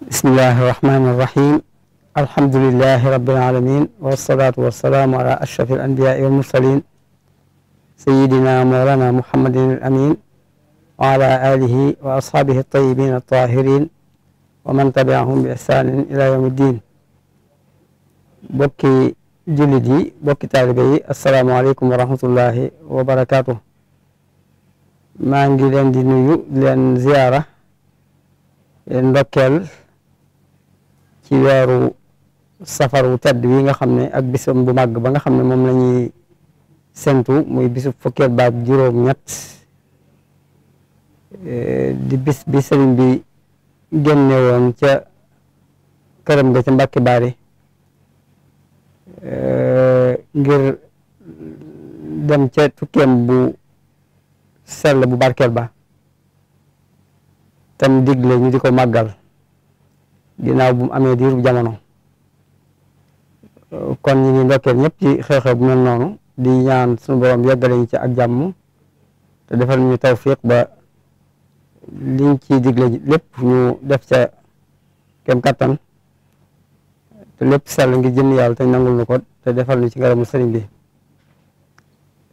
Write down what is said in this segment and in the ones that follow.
bismillahi irrahmani irrahim alhamdulilahi rabilalamin walsalaatu walsalaamu ala ashrafi alanbiyaai walmursalin sayidina moolana muhammadin alamin wa ala alihi wa ashaabihi altayibin altahirin wa man tabiahum bi ihsanin ila yawm iddin bokki jullit yi bokki taalibe yi asalaamualeykum wa rahmatullahi wa barakatuh maa ngi leen di nuyu leen ziyaara ndokkeel ci safar wu tedd wi nga xam ne ak bisam bu màgg ba nga xam ne moom la ñuy sentu muy bisu fukkeel baak juróom-ñett eh, di bis bi sëriñ bi génne woon ca këram ga ca Mbàkke Baari eh, ngir dem ca tukkeem bu sell bu barkeel ba tam digle ñu di ko màggal ginnaaw bu mu amee diiru jamono kon ñi ngi ndokkeel ñëpp ci xew-xew bu mel noonu di ñaan suñu borom yeggale ñu ci ak jàmm te defal ñu tawfiq ba liñ ci digle lépp ñu def ca kem kattan te lépp sell ngir jëm yàlla te nangul nu ko te defal ñu ci ngaramu sëriñ bi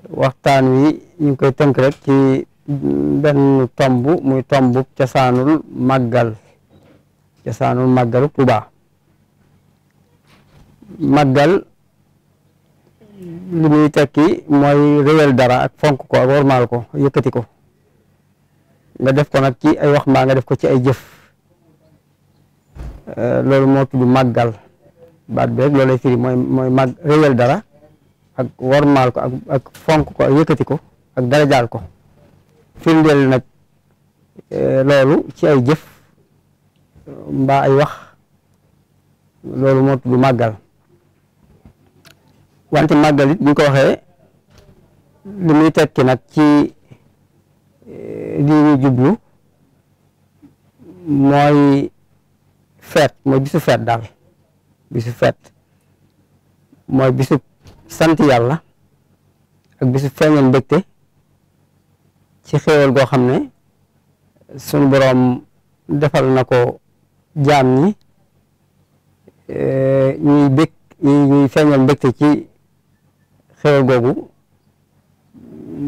waxtaan wi ñu ngi koy tënk rek ci benn tomb muy tomb cosaanul màggal cosaanul màggalu Tuuba màggal li muy tekki mooy réyal dara ak fonk ko ak wormaal ko yëkkati ko nga def ko nag ci ay wax mbaa nga def ko ci ay jëf euh, loolu moo tudd màggal baat bi loolu lay firi mooy mooy dara ak wormaal ko ak ak ko ak yëkkati ko ak darajaal ko firndeel nag euh, loolu ci ay jëf mbaa ay wax loolu moo tudd màggal wante màggal it bu ñu ko waxee li muy tekki nag ci eh, li ñu jublu mooy feet mooy bisu feet daal bisu feet mooy bisu sant yàlla ak bisu feeñal mbégte ci xéewal goo xam ne sunu boroom defal na ko jaam ñi eh, ñuy bég ñuy feeñal mbégte ci xew googu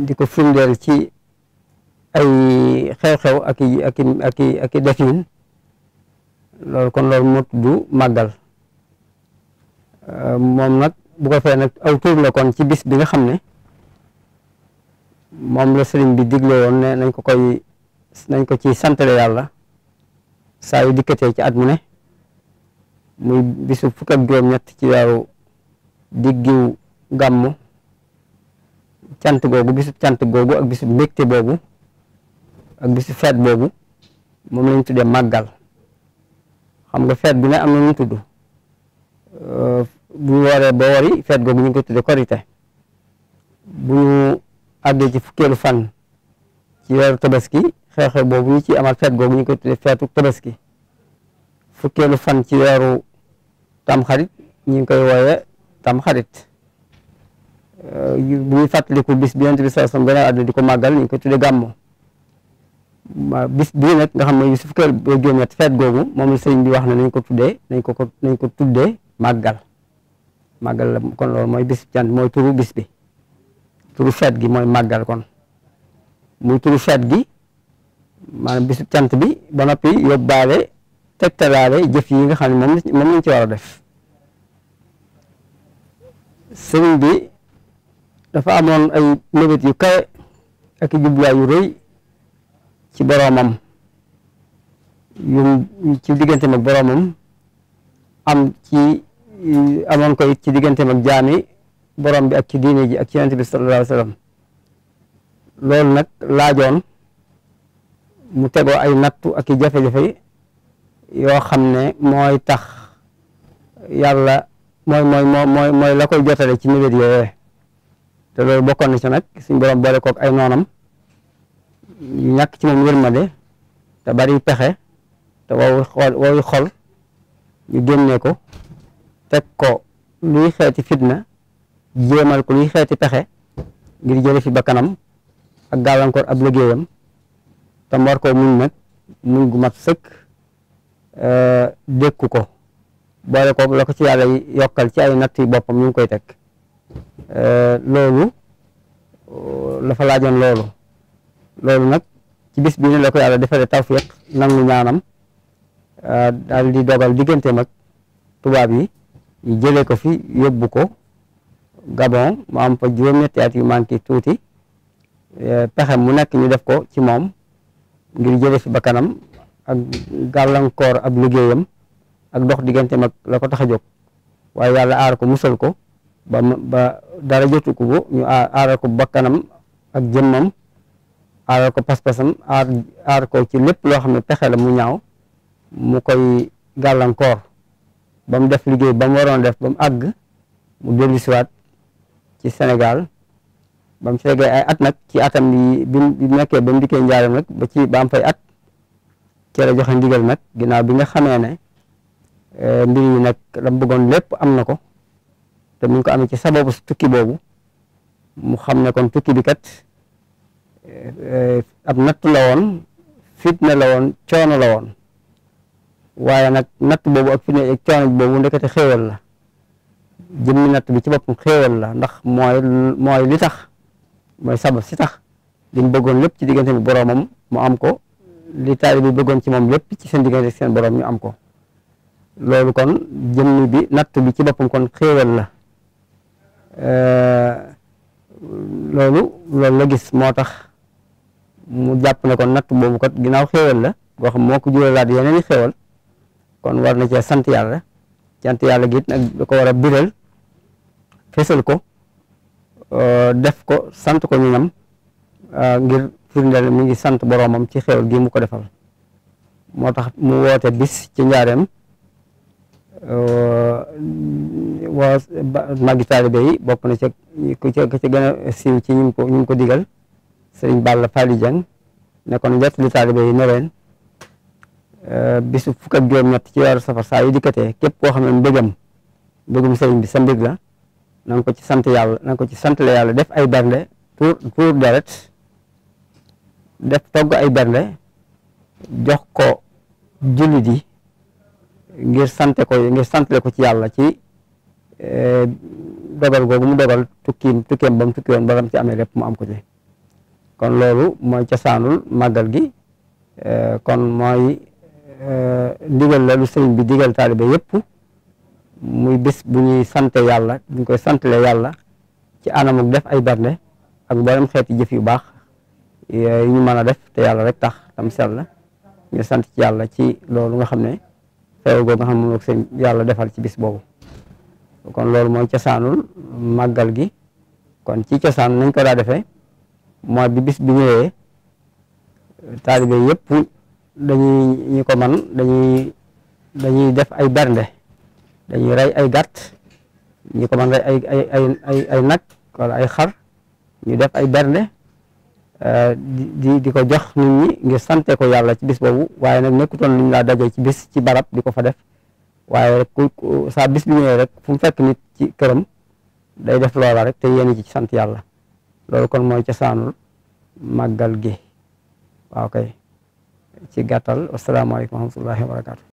di ko firndeel ci ay xew-xew ak i ak kon loolu mot du màggal eh, moom nag bu ko nag aw tuur la kon ci bis bi nga xam ne moom la sëriñ bi digle woon ne nañ ko koy nañ ko ci santale yàlla saa yu ci at mu ne bisu fukk ak juróom-ñett ci weeru diggiw gàmmu cant googu bisu cant googu ak bisu mbégte boobu ak bisu feet boobu moom lañ tuddee màggal xam nga feet bi ne am na ñu tudd euh, bu ñu waree ba wari feet googu ñu ngi ko tuddee korite bu ñu àggee ci fukkeelu fan ci weeru tabaski xew-xew boobu ñu ci amal feet googu ñu koy tuddee feetu tabaski fukkeelu fan ci weeru tamxarit ñu ngi koy wooye tamxarit euh, bu ñuy fàttaliku bis bi yonent bi sallallahu alayhi wasallam gën a àdduna di ko màggal ñu ngi koy tuddee gàmmu bis bii nag nga xam ne su fukkeel ak juróom-ñett feet googu moom la sëriñ bi wax na nañ ko tuddee nañ ko ko nañ ko tuddee màggal màggal la kon loolu mooy bis cant mooy turu bis bi turu feet gi mooy màggal kon muy turu feet gi maanaam bisu cant bi ba noppi yóbbaale tegtalaale jëf yi nga xam ne moom moom lañ ci war a def sëriñ bi dafa amoon ay mébét yu kawe ak i jubluwaay yu rëy ci boroomam yu ci digganteem ak boroomam am ci amoon ko it ci digganteem ak jaami boroom bi ak ci diine ji ak ci bi sallallahu alayhi wa sallam loolu mu tegoo ay nattu ak i jafe-jafe yoo xam ne mooy tax yàlla mooy mooy mooy mooy la koy jotale ci mébét yooyee te loolu bokkoon na ci nag suñ borom boole kook ay noonam ñàkk ci moom yërmande te bari pexe te wow xool wow xol ñu génnee ko teg ko luy xeeti fitna jéemal ko luy xeeti pexe ngir jële fi bakkanam ak gàllankoor ab liggéeyam tam war koo muñ nag muñ gu mat sëkk euh, dékku ko boole ko la ko ci yàlla yokkal ci ay natt yi boppam ñu ngi koy teg euh, loolu la fa laajoon loolu loolu nag ci bis bi ne la ko yàlla defalee tawfiq nangu ñaanam euh, daal di dogal diggante mag tubaab yi ñu jëlee ko fi yóbbu ko Gabon mu am fa juróom-ñetti at yu manqué tuuti pexe mu nekk ñu def ko ci moom ngir jële fi bakkanam ak gàllankoor ab liggéeyam ak dox diggante mag la ko tax a jóg waaye yàlla aar ko musal ko ba ba dara jotu ko bu ñu aaral ko bakkanam ak jëmmam aaral ko pas-pasam aar ko ci lépp loo xam ne pexe la mu ñaaw mu koy gàllankoor ba mu def liggéey ba mu waroon def ba mu àgg mu dellusiwaat ci Sénégal ba mu feegee ay at nag ci atam yi bi mu nekkee ba mu dikkee njaaram nag ba ci ba am fay at ci la joxe ndigal nag ginnaaw bi nga xamee ne eh, mbir yi nag la bëggoon lépp am na ko te mu ko amee ci sababu tukki boobu mu xam ne kon tukki bi kat eh, eh, ab natt la woon fitna la woon coono la woon waaye nag natt boobu ak fitna ak coono boobu ndekete xéewal la jëmmi natt bi ci boppam xéewal la ndax mooy mooy mooy sabab si tax li mu bëggoon lépp ci diggante bi boroomam mu am ko li taali bi bëggoon ci moom lépp ci seen diggante seen boroom ñu am ko loolu kon jëmmi bi natt bi ci boppam kon xéewal la euh, loolu loolu la gis moo tax mu jàpp ne kon natt boobu kat ginnaaw xéewal la goo moo ko juralaat yeneen i xéewal kon war na cee sant yàlla sant yàlla gi nag da ko war a biral fésal ko Euh, def ko sant ko ñunam euh, ngir firndeel mi ngi sant boroomam ci xéwal gi mu ko defal moo tax mu woote bis ci njaareem euh, waa màggi taalibe yi bokk na ca ca ci gën a siiw ci ñu ko ñu ko digal sëriñ Balla Fally Dieng nekkoon jot li taalibe yi bisu fukk ak juróom-ñett ci weeru safar saa yu dikkatee képp koo xam ne mbégam mbégum sëriñ bi sa mbég la na ko ci sant yàlla na ko ci sant yàlla def ay bernde pour pour deret def togg ay bernde jox ko jullit yi ngir sante ko ngir santale ko ci yàlla ci eh, dogal googu mu dogal tukkiim tukkeem ba mu tukki woon ba ci amee lépp mu am ko ci kon loolu mooy cosaanul màggal gi eh, kon mooy eh, ndigal la lu sëriñ bi digal taalibe yépp muy bés bu ñuy sante yàlla bu ñu koy santale yàlla ci anam ak def ay bernde ak mboolem xeeti jëf yu baax eh, yi ñu mën a def te yàlla rek tax tam sell la ñu sant ci yàlla ci loolu nga xam ne feew googu nga xam ne moom seen yàlla defal ci bis boobu kon loolu mooy cosaanul màggal gi kon ci cosaan nañ ko daa defee mooy bi bis bi ñëwee taalibe yëpp dañuy ñi ko man dañu dañuy def ay bernde dañuy rey ay gat ñu ko mën rey ay ay ay ay ay nag wala ay xar ñu def ay bernde euh, di di ko jox nit ñi ngir sante ko yàlla ci bis boobu waaye nag nekkutoon lu ñu laa daje ci bis ci barab di ko fa def waaye rek ku saa bis rek fu mu fekk nit ci këram day def loola rek te yéen ci sant yàlla loolu kon mooy cosaanul màggal gi waaw kay ci gàttal asalaamaaleykum wa rahmatullahi